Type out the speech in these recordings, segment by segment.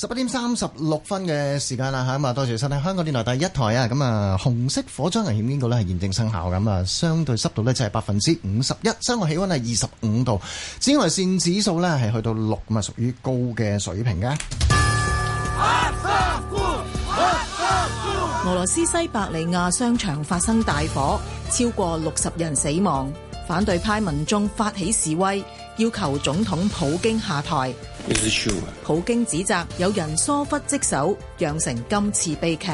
十一點三十六分嘅時間啦吓，咁啊，多謝收聽香港電台第一台啊，咁啊，紅色火災危險警告咧係現正生效，咁啊，相對濕度咧即係百分之五十一，室外氣溫係二十五度，紫外線指數咧係去到六，咁啊，屬於高嘅水平嘅。俄羅斯西伯利亞商場發生大火，超過六十人死亡，反對派民眾發起示威，要求總統普京下台。普京指責有人疏忽職守，釀成今次悲劇。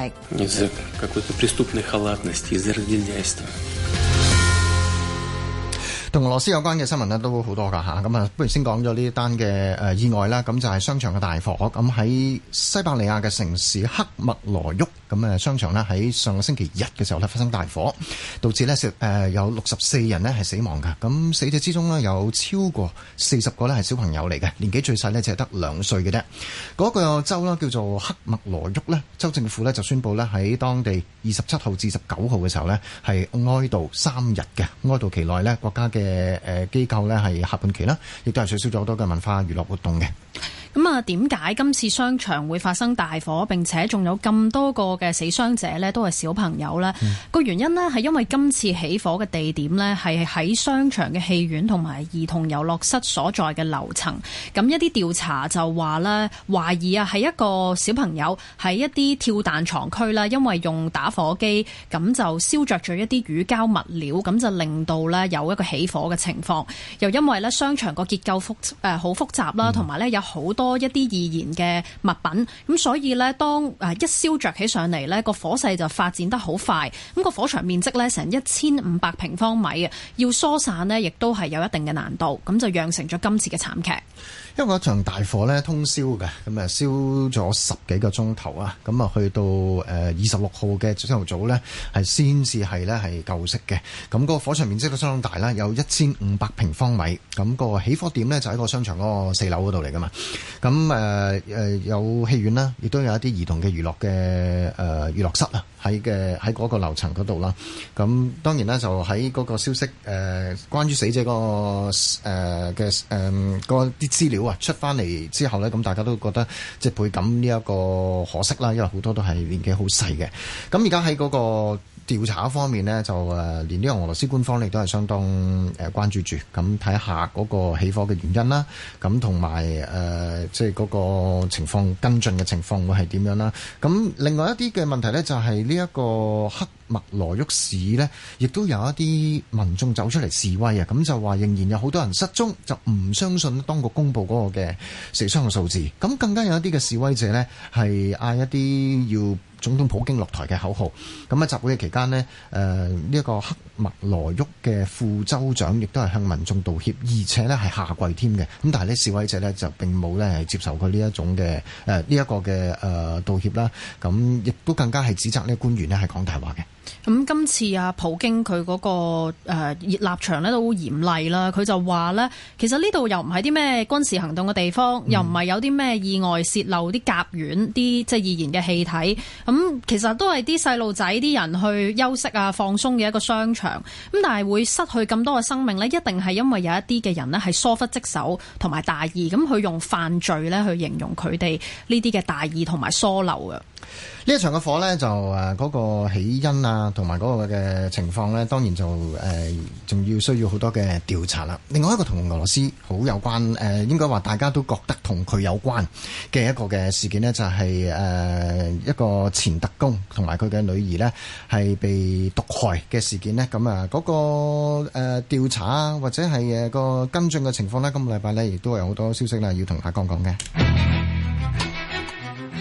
同俄羅斯有關嘅新聞咧都好多㗎嚇，咁啊不如先講咗呢單嘅誒意外啦，咁就係商場嘅大火，咁喺西伯利亞嘅城市克麥羅沃咁誒商場咧喺上個星期日嘅時候咧發生大火，導致咧誒有六十四人咧係死亡嘅。咁死者之中咧有超過四十個咧係小朋友嚟嘅，年紀最細咧只係得兩歲嘅啫。嗰個州啦叫做克麥羅沃咧，州政府咧就宣布咧喺當地二十七號至十九號嘅時候咧係哀悼三日嘅。哀悼期內咧，國家嘅誒機構咧係降半旗啦，亦都係取消咗好多嘅文化娛樂活動嘅。咁啊，點解今次商場會發生大火？並且仲有咁多個嘅死傷者咧，都係小朋友咧。個、嗯、原因咧，係因為今次起火嘅地點咧，係喺商場嘅戲院同埋兒童遊樂室所在嘅樓層，咁一啲調查就話咧，懷疑啊係一個小朋友喺一啲跳彈床區啦，因為用打火機咁就燒着咗一啲乳膠物料，咁就令到咧有一個起火嘅情況，又因為咧商場個結構複誒好複雜啦，同埋咧有好多。多一啲易燃嘅物品，咁所以呢，當誒一燒着起上嚟呢個火勢就發展得好快，咁個火場面積呢，成一千五百平方米啊，要疏散呢亦都係有一定嘅難度，咁就釀成咗今次嘅慘劇。因為嗰一場大火咧，通宵嘅，咁啊燒咗十幾個鐘頭啊，咁啊去到誒二十六號嘅朝頭早咧，係先至係咧係救熄嘅。咁個個火場面積都相當大啦，有一千五百平方米。咁個起火點咧就喺個商場嗰個四樓嗰度嚟噶嘛。咁誒誒有戲院啦，亦都有一啲兒童嘅娛樂嘅誒娛樂室啊。喺嘅喺嗰個樓層嗰度啦，咁當然啦，就喺嗰個消息誒、呃，關於死者個誒嘅誒啲資料啊出翻嚟之後咧，咁大家都覺得即係倍感呢一個可惜啦，因為好多都係年紀好細嘅，咁而家喺嗰個。調查方面呢，就誒，連呢個俄羅斯官方亦都係相當誒關注住，咁睇下嗰個起火嘅原因啦，咁同埋誒即係嗰個情況跟進嘅情況會係點樣啦？咁另外一啲嘅問題呢，就係呢一個黑。麥羅旭市呢，亦都有一啲民眾走出嚟示威啊！咁就話仍然有好多人失蹤，就唔相信當局公佈嗰個嘅死傷嘅數字。咁更加有一啲嘅示威者呢，係嗌一啲要總統普京落台嘅口號。咁啊集會嘅期間呢，誒呢一個黑麥羅旭嘅副州長亦都係向民眾道歉，而且呢係下跪添嘅。咁但係呢示威者呢，就並冇呢係接受佢呢一種嘅誒呢一個嘅、呃、道歉啦。咁亦都更加係指責呢官員呢係講大話嘅。咁、嗯、今次啊普京佢嗰，那個熱、呃、立場咧都好嚴厲啦，佢就話咧，其實呢度又唔係啲咩軍事行動嘅地方，嗯、又唔係有啲咩意外洩漏啲甲烷啲即係易燃嘅氣體。咁、嗯、其實都係啲細路仔啲人去休息啊放鬆嘅一個商場。咁但係會失去咁多嘅生命呢，一定係因為有一啲嘅人呢係疏忽職守同埋大意，咁、嗯、佢用犯罪呢去形容佢哋呢啲嘅大意同埋疏漏嘅。呢一場嘅火呢，就誒嗰、那個起因啊，同埋嗰個嘅情況呢，當然就誒仲要需要好多嘅調查啦。另外一個同俄羅斯好有關誒、呃，應該話大家都覺得同佢有關嘅一個嘅事件呢，就係、是、誒、呃、一個前特工同埋佢嘅女兒呢，係被毒害嘅事件呢咁啊，嗰、嗯那個誒、呃、調查啊，或者係誒個跟進嘅情況呢，今個禮拜呢，亦都有好多消息啦，要同阿江講嘅。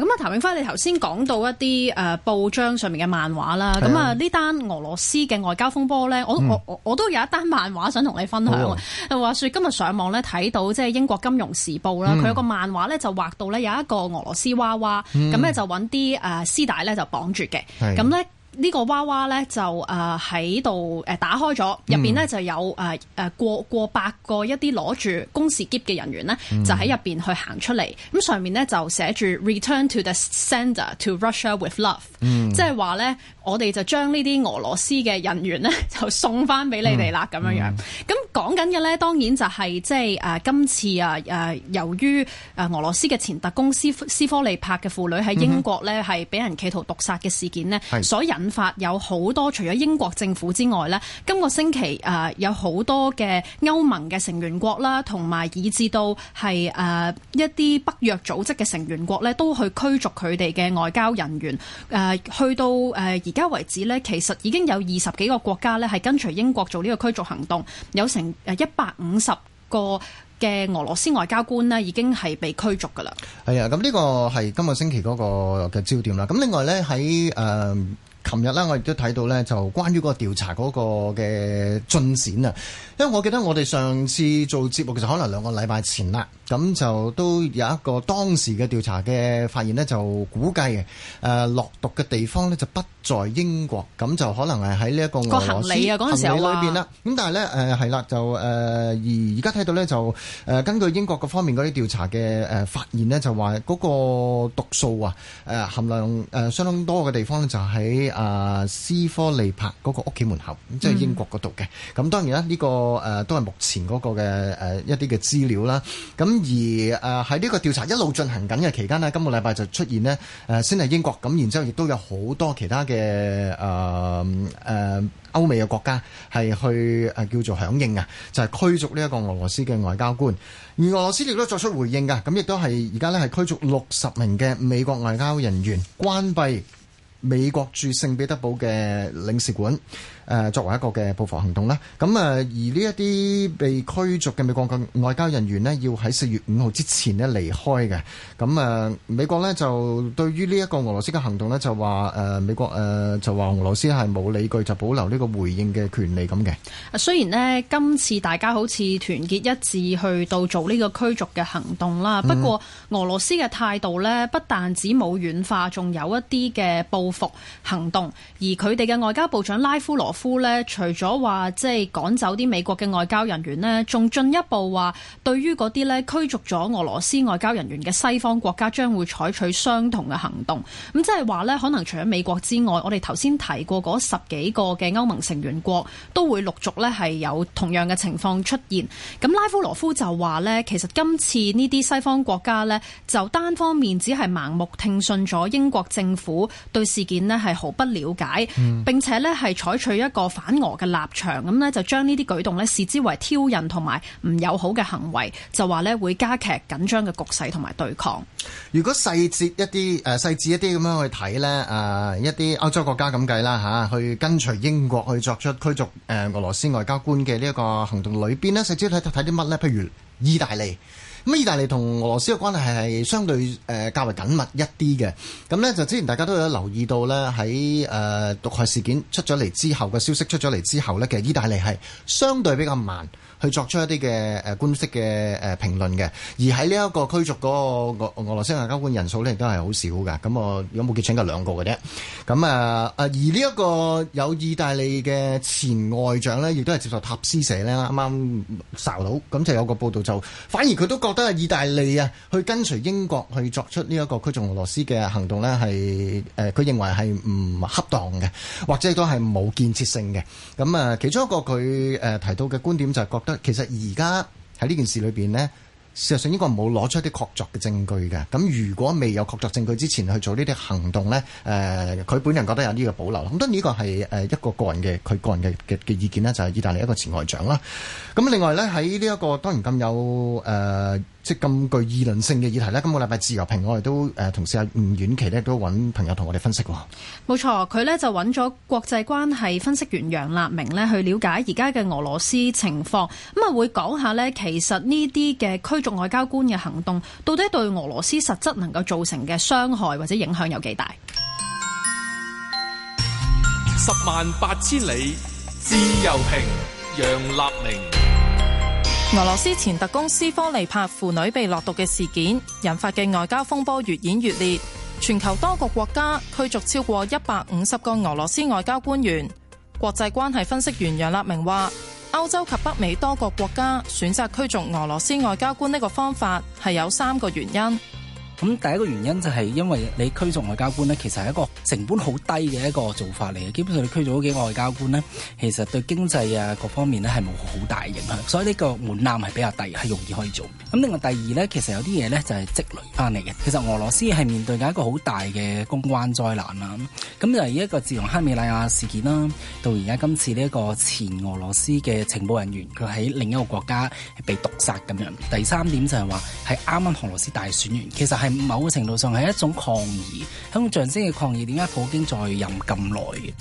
咁啊，譚永輝，你頭先講到一啲誒、呃、報章上面嘅漫畫啦，咁的啊呢單俄羅斯嘅外交風波咧，我、嗯、我我，我都有一單漫畫想同你分享，哦、話說今日上網咧睇到即係英國金融時報啦，佢、嗯、有個漫畫咧就畫到咧有一個俄羅斯娃娃，咁咧、嗯、就揾啲誒絲帶咧就綁住嘅，咁咧的。呢個娃娃咧就誒喺度誒打開咗，入邊咧就有誒誒、呃、過過百個一啲攞住公事喼嘅人員咧，就喺入邊去行出嚟。咁、嗯、上面咧就寫住 Return to the sender to Russia with love，即係話咧，我哋就將呢啲俄羅斯嘅人員咧就送翻俾你哋啦咁樣樣咁講緊嘅咧，當然就係即係誒今次啊誒、呃、由於誒、呃、俄羅斯嘅前特工斯斯科利帕嘅父女喺英國咧係俾人企圖毒殺嘅事件咧，是所引。法有好多除咗英國政府之外咧，今個星期誒、呃、有好多嘅歐盟嘅成員國啦，同埋以至到係誒、呃、一啲北約組織嘅成員國咧，都去驅逐佢哋嘅外交人員。誒、呃，去到誒而家為止咧，其實已經有二十幾個國家咧係跟隨英國做呢個驅逐行動，有成誒一百五十個嘅俄羅斯外交官咧已經係被驅逐噶啦。係啊，咁呢個係今個星期嗰個嘅焦點啦。咁另外咧喺誒。在呃琴日啦，我亦都睇到咧，就關於個調查嗰個嘅進展啊，因為我記得我哋上次做節目，其實可能兩個禮拜前啦。咁就都有一個當時嘅調查嘅發現咧，就估計誒落毒嘅地方咧就不在英國，咁就可能係喺呢一個俄羅斯。個行李啊，嗰陣時候啊裡邊啦，咁但係咧誒係啦，就誒而而家睇到咧就誒根據英國各方面嗰啲調查嘅誒發現咧，就話嗰個毒素啊誒含量誒相當多嘅地方咧就喺啊斯科利帕嗰個屋企門口，即係英國嗰度嘅。咁當然啦，呢個誒都係目前嗰個嘅誒一啲嘅資料啦，咁。而誒喺呢個調查一路進行緊嘅期間咧，今個禮拜就出現咧誒，先係英國咁，然之後亦都有好多其他嘅誒誒歐美嘅國家係去誒叫做響應啊，就係驅逐呢一個俄羅斯嘅外交官，而俄羅斯亦都作出回應㗎，咁亦都係而家咧係驅逐六十名嘅美國外交人員，關閉美國駐聖彼得堡嘅領事館。誒作為一個嘅報復行動啦，咁啊而呢一啲被驅逐嘅美國嘅外交人員呢，要喺四月五號之前呢離開嘅。咁啊美國呢，就對於呢一個俄羅斯嘅行動呢，就話誒美國誒就話俄羅斯係冇理據就保留呢個回應嘅權利咁嘅。雖然呢，今次大家好似團結一致去到做呢個驅逐嘅行動啦，不過俄羅斯嘅態度呢，不但只冇軟化，仲有一啲嘅報復行動，而佢哋嘅外交部長拉夫羅夫咧，除咗話即係趕走啲美國嘅外交人員咧，仲進一步話，對於嗰啲咧驅逐咗俄羅斯外交人員嘅西方國家，將會採取相同嘅行動。咁即係話咧，可能除咗美國之外，我哋頭先提過嗰十幾個嘅歐盟成員國都會陸續咧係有同樣嘅情況出現。咁拉夫羅夫就話咧，其實今次呢啲西方國家咧，就單方面只係盲目聽信咗英國政府對事件咧係毫不了解，嗯、並且咧係採取一。一個反俄嘅立場，咁呢就將呢啲舉動呢視之為挑釁同埋唔友好嘅行為，就話呢會加劇緊張嘅局勢同埋對抗。如果細節一啲，誒、呃，細緻一啲咁樣去睇呢，誒、呃，一啲歐洲國家咁計啦吓，去跟隨英國去作出驅逐誒俄羅斯外交官嘅呢一個行動裏邊呢，細緻睇睇啲乜呢？譬如意大利。咁意大利同俄羅斯嘅關係係相對誒較為緊密一啲嘅，咁呢，就之前大家都有留意到呢喺誒毒害事件出咗嚟之後嘅消息出咗嚟之後呢，其實意大利係相對比較慢。去作出一啲嘅誒官式嘅誒評論嘅，而喺呢一個驅逐嗰個俄羅斯外交官人數咧，亦都係好少嘅。咁啊有冇見請過兩個嘅啫。咁啊啊，而呢一個有意大利嘅前外長咧，亦都係接受塔斯社咧啱啱受到，咁就有個報道就反而佢都覺得啊，意大利啊去跟隨英國去作出呢一個驅逐俄羅斯嘅行動咧，係誒佢認為係唔恰當嘅，或者亦都係冇建設性嘅。咁啊，其中一個佢誒提到嘅觀點就係、是。其實而家喺呢件事裏邊呢，事實上應該冇攞出啲確鑿嘅證據嘅。咁如果未有確鑿證據之前去做呢啲行動呢，誒、呃，佢本人覺得有呢個保留。咁當然呢個係誒一個個人嘅佢個人嘅嘅意見啦，就係、是、意大利一個前外長啦。咁另外呢，喺呢一個當然咁有誒。呃即咁具議論性嘅議題呢，今個禮拜自由評，我哋都、呃、同事阿吳婉琪呢都揾朋友同我哋分析喎。冇錯，佢呢就揾咗國際關係分析員楊立明呢去了解而家嘅俄羅斯情況，咁、嗯、啊會講下呢，其實呢啲嘅驅逐外交官嘅行動，到底對俄羅斯實質能夠造成嘅傷害或者影響有幾大？十萬八千里自由評，楊立明。俄羅斯前特工斯科尼帕父女被落毒嘅事件引發嘅外交風波越演越烈，全球多個國家驅逐超過一百五十個俄羅斯外交官員。國際關係分析員楊立明話，歐洲及北美多個國家選擇驅逐俄羅斯外交官呢個方法，係有三個原因。咁第一個原因就係因為你驅逐外交官咧，其實係一個成本好低嘅一個做法嚟嘅。基本上你驅逐咗幾個外交官咧，其實對經濟啊各方面咧係冇好大嘅影響，所以呢個門檻係比較低，係容易可以做。咁另外第二咧，其實有啲嘢咧就係積累翻嚟嘅。其實俄羅斯係面對緊一個好大嘅公關災難啦，咁就係一個自從黑美拉亞事件啦，到而家今次呢一個前俄羅斯嘅情報人員佢喺另一個國家被毒殺咁樣。第三點就係話，係啱啱俄羅斯大選完，其實係。某程度上係一種抗議，一種象徵嘅抗議。點解普京在任咁耐嘅？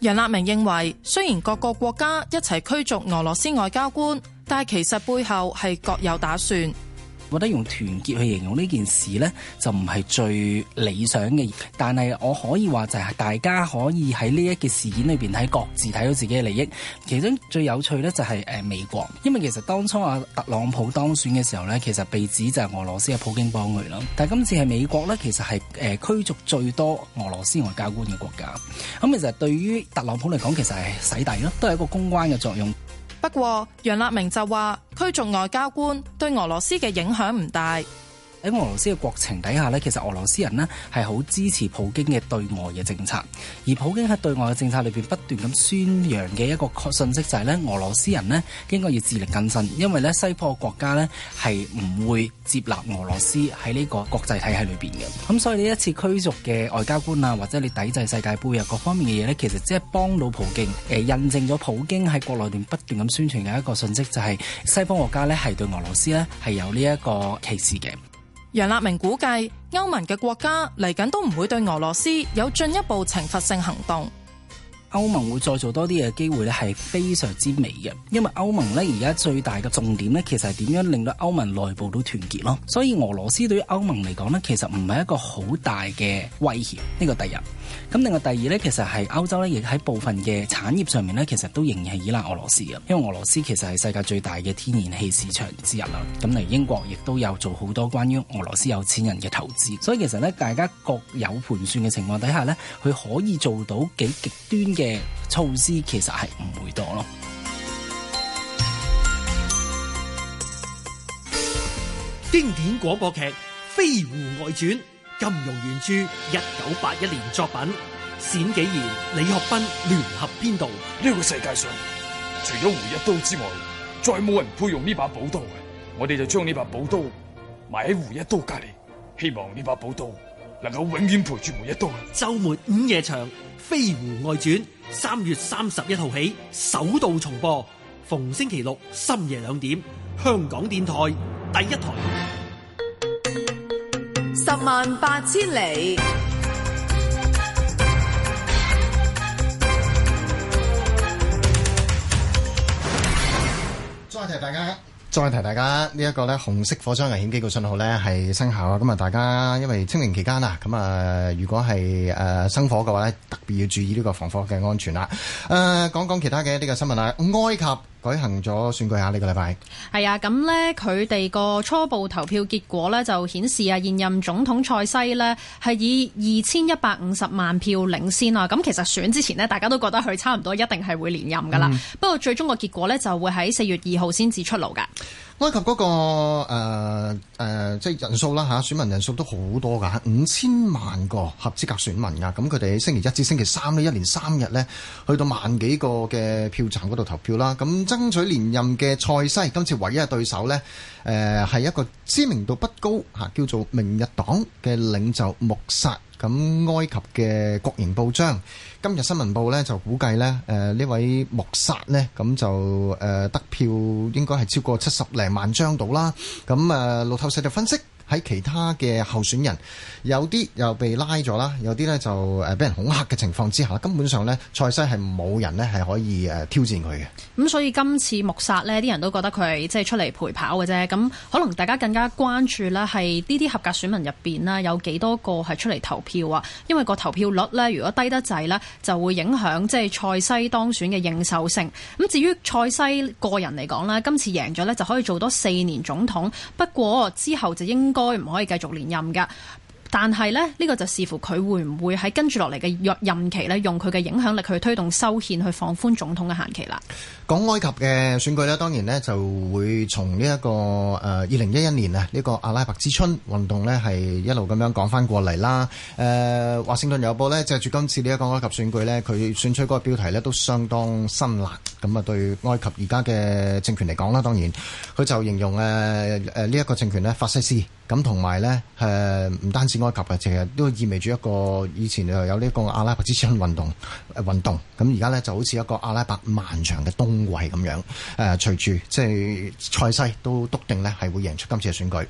楊立明認為，雖然各個國家一齊驅逐俄羅斯外交官，但係其實背後係各有打算。覺得用團結去形容呢件事呢，就唔係最理想嘅。但係我可以話就係大家可以喺呢一嘅事件裏邊，喺各自睇到自己嘅利益。其中最有趣呢，就係誒美國，因為其實當初特朗普當選嘅時候呢，其實被指就係俄羅斯嘅普京幫佢咯。但係今次係美國呢，其實係誒驅逐最多俄羅斯外交官嘅國家。咁其實對於特朗普嚟講，其實係洗底咯，都係一個公關嘅作用。不過，楊立明就話，驅逐外交官對俄羅斯嘅影響唔大。喺俄羅斯嘅國情底下呢，其實俄羅斯人呢係好支持普京嘅對外嘅政策。而普京喺對外嘅政策裏邊不斷咁宣揚嘅一個信息就係、是、呢俄羅斯人呢應該要自力更生，因為呢西方國家呢係唔會接納俄羅斯喺呢個國際體系裏邊嘅。咁所以呢一次驅逐嘅外交官啊，或者你抵制世界盃啊，各方面嘅嘢呢，其實即係幫到普京。誒、呃，印證咗普京喺國內邊不斷咁宣傳嘅一個信息就係、是，西方國家呢係對俄羅斯呢係有呢一個歧視嘅。楊立明估計，歐盟嘅國家嚟緊都唔會對俄羅斯有進一步懲罰性行動。歐盟會再做多啲嘢，機會咧係非常之微嘅，因為歐盟咧而家最大嘅重點咧，其實係點樣令到歐盟內部都團結咯。所以俄羅斯對於歐盟嚟講咧，其實唔係一個好大嘅威脅，呢個第一。咁另外第二呢，其實係歐洲呢，亦喺部分嘅產業上面呢，其實都仍然係依賴俄羅斯嘅，因為俄羅斯其實係世界最大嘅天然氣市場之一啦。咁例如英國亦都有做好多關於俄羅斯有錢人嘅投資，所以其實呢，大家各有盤算嘅情況底下呢，佢可以做到幾極端嘅措施，其實係唔會多咯。經典廣播劇《飛狐外傳》。《金融原著》，一九八一年作品，冼紀賢、李學斌聯合編導。呢個世界上，除咗胡一刀之外，再冇人配用呢把寶刀嘅。我哋就將呢把寶刀埋喺胡一刀隔籬，希望呢把寶刀能夠永遠陪住胡一刀。周末午夜場《飛狐外傳》，三月三十一號起首度重播，逢星期六深夜兩點，香港電台第一台。十萬八千里。再提大家，再提大家呢一個咧，紅色火災危險警告信號咧係生效啊！咁啊，大家因為清明期間啦，咁啊，如果係誒生火嘅話咧，特別要注意呢個防火嘅安全啦。誒，講講其他嘅呢個新聞啦，埃及。舉行咗選舉下，呢個禮拜係啊。咁呢，佢哋個初步投票結果呢，就顯示啊現任總統塞西呢，係以二千一百五十萬票領先啊！咁其實選之前呢，大家都覺得佢差唔多一定係會連任噶啦，嗯、不過最終個結果呢，就會喺四月二號先至出爐㗎。埃及嗰、那個誒、呃呃、即係人數啦嚇、啊，選民人數都好多噶，五千萬個合資格選民噶，咁佢哋喺星期一至星期三呢，一連三日呢，去到萬幾個嘅票站嗰度投票啦。咁、啊、爭取連任嘅塞西，今次唯一嘅對手呢，誒、啊、係一個知名度不高、啊、叫做明日黨嘅領袖穆薩。咁埃及嘅國營報章今日新聞報呢，就估計呢誒呢、呃、位穆薩呢，咁就誒、呃、得票應該係超過七十零萬張到啦。咁啊、呃，路透社就分析。喺其他嘅候選人，有啲又被拉咗啦，有啲咧，就誒俾人恐嚇嘅情況之下，根本上咧，塞西係冇人咧，係可以誒挑戰佢嘅。咁、嗯、所以今次穆薩咧，啲人都覺得佢係即係出嚟陪跑嘅啫。咁、嗯、可能大家更加關注咧，係呢啲合格選民入邊啦，有幾多個係出嚟投票啊？因為個投票率咧，如果低得滯咧，就會影響即係塞西當選嘅認受性。咁、嗯、至於塞西個人嚟講咧，今次贏咗咧就可以做多四年總統，不過之後就應該，該唔可以繼續連任噶？但係呢，呢、這個就視乎佢會唔會喺跟住落嚟嘅任任期呢，用佢嘅影響力去推動修憲，去放寬總統嘅限期啦。講埃及嘅選舉呢，當然呢就會從呢、這、一個誒二零一一年啊，呢、這個阿拉伯之春運動呢係一路咁樣講翻過嚟啦。誒、呃，華盛頓郵報呢，借住今次呢一個埃及選舉呢，佢選取嗰個標題呢都相當辛辣。咁啊，對埃及而家嘅政權嚟講啦，當然佢就形容誒呢一個政權呢法西斯。咁同埋呢誒唔、呃、單止。埃及嘅，其實都意味住一個以前有呢個阿拉伯之春運動運動，咁而家呢，就好似一個阿拉伯漫長嘅冬季咁樣誒，隨、呃、住即係塞西都篤定呢，係會贏出今次嘅選舉。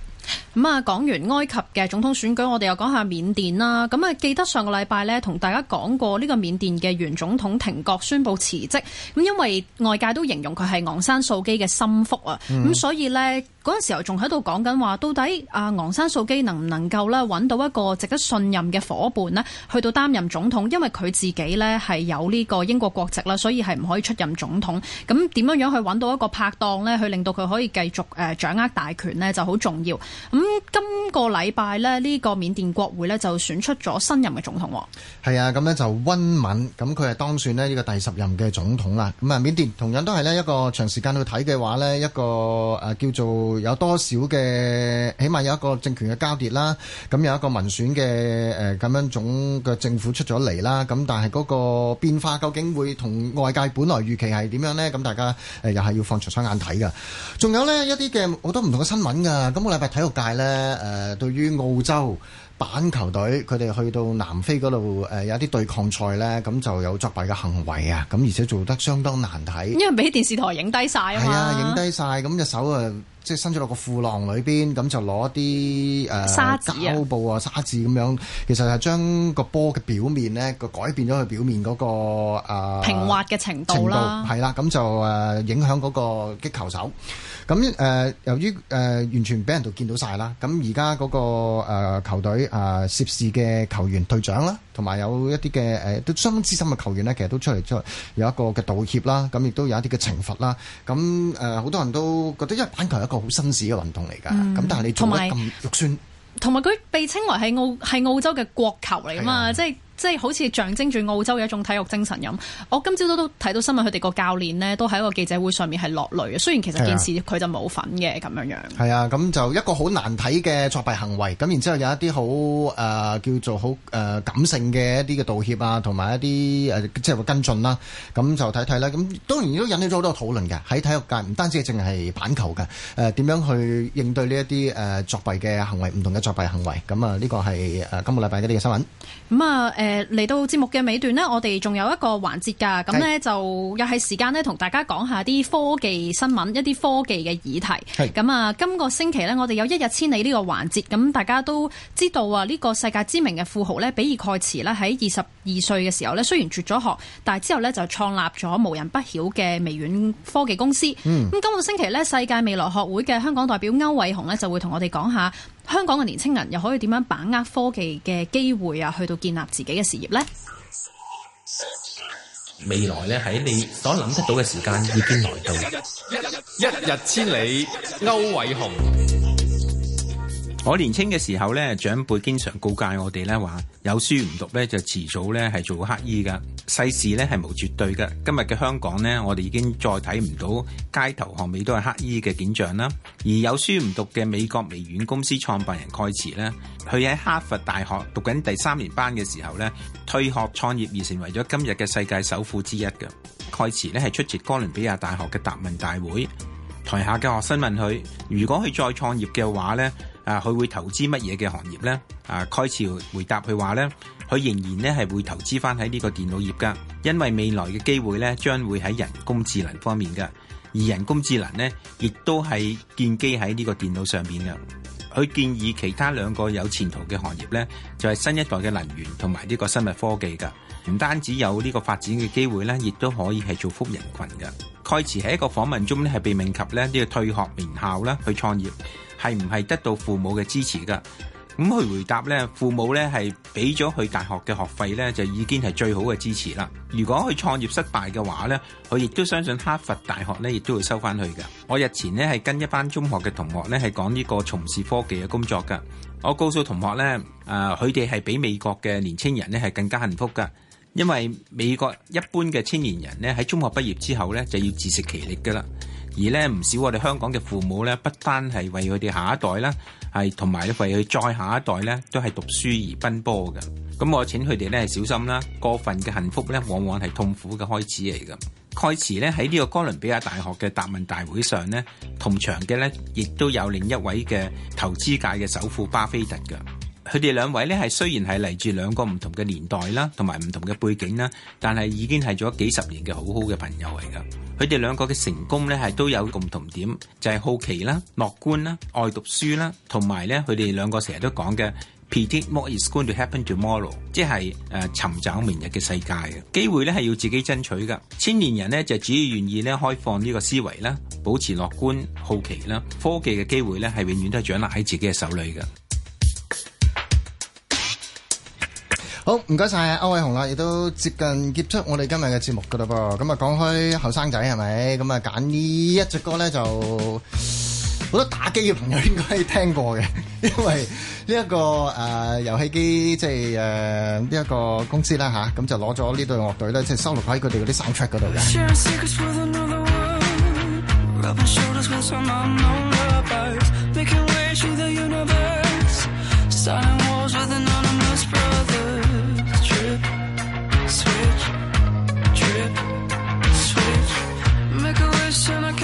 咁啊，講完埃及嘅總統選舉，我哋又講下緬甸啦。咁啊，記得上個禮拜呢，同大家講過呢個緬甸嘅原總統廷覺宣布辭職，咁因為外界都形容佢係昂山素姬嘅心腹啊，咁、嗯、所以呢。嗰陣時候仲喺度講緊話，到底阿昂山素姬能唔能夠呢揾到一個值得信任嘅伙伴呢，去到擔任總統，因為佢自己呢係有呢個英國國籍啦，所以係唔可以出任總統。咁點樣樣去揾到一個拍檔呢？去令到佢可以繼續誒掌握大權呢？就好重要。咁今個禮拜呢，呢個緬甸國會呢，就選出咗新任嘅總統喎。係啊，咁呢就溫敏，咁佢係當選呢呢個第十任嘅總統啦。咁啊，緬甸同樣都係呢一個長時間去睇嘅話呢一個誒叫做。有多少嘅？起碼有一個政權嘅交疊啦，咁有一個民選嘅誒咁樣種嘅政府出咗嚟啦。咁但係嗰個變化究竟會同外界本來預期係點樣咧？咁大家誒、呃、又係要放長雙眼睇噶。仲有咧一啲嘅好多唔同嘅新聞噶。咁、那個禮拜體育界咧誒，對、呃、於澳洲板球隊，佢哋去到南非嗰度誒有啲對抗賽咧，咁就有作弊嘅行為啊！咁而且做得相當難睇，因為俾電視台影低晒啊，係啊，影低晒咁隻手啊！呃即係伸咗落個褲浪裏邊，咁就攞啲誒膠布啊、沙紙咁樣，其實係將個波嘅表面咧個改變咗佢表面嗰、嗰個、呃、平滑嘅程度啦。係啦，咁就誒影響嗰個擊球手。咁誒、呃、由於誒、呃、完全俾人哋見到晒啦。咁而家嗰個、呃、球隊啊、呃、涉事嘅球員隊長啦。同埋有一啲嘅誒都相當資深嘅球員呢，其實都出嚟出嚟有一個嘅道歉啦，咁亦都有一啲嘅懲罰啦。咁誒好多人都覺得，因為板球係一個好紳士嘅運動嚟㗎。咁、嗯、但係你做乜咁肉酸？同埋佢被稱為係澳係澳洲嘅國球嚟㗎嘛，的即係。即係好似象徵住澳洲嘅一種體育精神咁。我今朝都都睇到新聞，佢哋個教練呢都喺一個記者會上面係落淚嘅。雖然其實件事佢就冇份嘅咁樣樣。係啊，咁就一個好難睇嘅作弊行為。咁然之後有一啲好誒叫做好誒、呃、感性嘅一啲嘅道歉啊，同埋一啲誒、呃、即係會跟進啦。咁就睇睇啦。咁當然都引起咗好多討論嘅喺體育界，唔單止係淨係板球嘅，誒點樣去應對呢一啲誒作弊嘅行為，唔同嘅作弊行為。咁啊呢個係誒、呃、今個禮拜一啲嘅新聞。咁啊誒嚟到節目嘅尾段呢，我哋仲有一個環節㗎，咁呢是，就又係時間呢，同大家講下啲科技新聞，一啲科技嘅議題。咁是啊，今、這個星期呢，我哋有一日千里呢個環節，咁大家都知道啊，呢、這個世界知名嘅富豪呢，比爾蓋茨呢，喺二十二歲嘅時候呢，雖然絕咗學，但係之後呢，就創立咗無人不曉嘅微軟科技公司。咁今、嗯嗯這個星期呢，世界未來學會嘅香港代表區煒洪呢，就會同我哋講下。香港嘅年青人又可以點樣把握科技嘅機會啊？去到建立自己嘅事業呢？未來咧，喺你所諗得到嘅時間已經來到，一日千里，區煒洪。我年青嘅時候咧，長輩經常告誡我哋咧，話有書唔讀咧，就遲早咧係做乞衣㗎。世事咧係無絕對㗎。今日嘅香港咧，我哋已經再睇唔到街頭巷尾都係乞衣嘅景象啦。而有書唔讀嘅美國微軟公司創辦人蓋茨咧，佢喺哈佛大學讀緊第三年班嘅時候咧，退學創業而成為咗今日嘅世界首富之一嘅蓋茨咧，係出席哥倫比亞大學嘅答問大會。台下嘅學生問佢：如果佢再創業嘅話咧？啊，佢會投資乜嘢嘅行業呢？啊，蓋茨回答佢話呢，佢仍然呢係會投資翻喺呢個電腦業噶，因為未來嘅機會呢，將會喺人工智能方面㗎。而人工智能呢，亦都係建基喺呢個電腦上面嘅。佢建議其他兩個有前途嘅行業呢，就係、是、新一代嘅能源同埋呢個生物科技㗎。唔單止有呢個發展嘅機會呢，亦都可以係造福人群㗎。蓋茨喺一個訪問中呢，係被命及呢個退學名校啦，去創業。係唔係得到父母嘅支持噶？咁佢回答呢，父母呢係俾咗佢大學嘅學費呢，就已經係最好嘅支持啦。如果佢創業失敗嘅話呢，佢亦都相信哈佛大學呢，亦都會收翻佢噶。我日前呢係跟一班中學嘅同學呢係講呢個從事科技嘅工作噶。我告訴同學呢，誒，佢哋係比美國嘅年青人呢係更加幸福噶，因為美國一般嘅青年人呢，喺中學畢業之後呢，就要自食其力噶啦。而咧唔少我哋香港嘅父母咧，不單係為佢哋下一代啦，係同埋咧為佢再下一代咧，都係讀書而奔波嘅。咁我請佢哋咧小心啦，過分嘅幸福咧，往往係痛苦嘅開始嚟嘅。蓋茨咧喺呢個哥倫比亞大學嘅答問大會上咧，同場嘅咧亦都有另一位嘅投資界嘅首富巴菲特㗎。佢哋兩位咧係雖然係嚟自兩個唔同嘅年代啦，同埋唔同嘅背景啦，但係已經係咗幾十年嘅好好嘅朋友嚟噶。佢哋兩個嘅成功咧係都有共同點，就係、是、好奇啦、樂觀啦、愛讀書啦，同埋咧佢哋兩個成日都講嘅 Pity more is going to happen tomorrow，即係誒、呃、尋找明日嘅世界嘅機會咧係要自己爭取噶。青年人咧就只要願意咧開放呢個思維啦，保持樂觀、好奇啦，科技嘅機會咧係永遠都係掌握喺自己嘅手裏嘅。好，唔該晒區煒洪啦，亦都接近結束我哋今日嘅節目噶啦噃，咁啊講開後生仔係咪？咁啊揀呢一隻歌咧，就好多打機嘅朋友應該聽過嘅，因為呢、這、一個誒遊戲機即係誒呢一個公司啦吓，咁、啊、就攞咗呢隊樂隊咧，即、就、係、是、收錄喺佢哋嗰啲 Soundtrack 嗰度嘅。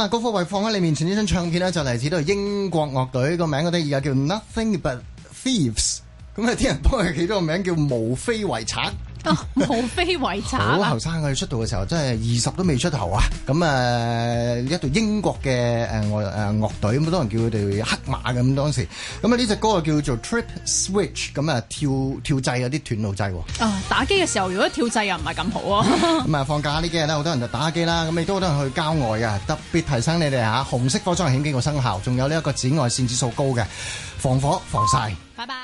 嗱，高科慧放喺你面前呢張唱片咧，就嚟自呢度英國樂隊個名好得意，叫 Nothing But Thieves，咁啊啲人幫佢起咗個名叫無非為賊。無非為炒啦！好後生，佢出道嘅時候真係二十都未出頭啊！咁啊，一隊英國嘅誒，我誒樂隊咁，好多人叫佢哋黑馬咁當時。咁啊，呢隻歌啊叫做 Trip Switch，咁啊跳跳掣有啲斷路掣。哦，打機嘅時候如果跳掣又唔係咁好啊！咁啊，放假呢幾日咧，好多人就打機啦，咁亦都好多人去郊外啊，特別提醒你哋吓，紅色火種係顯機構生效，仲有呢一個紫外綫指數高嘅防火防曬。拜拜。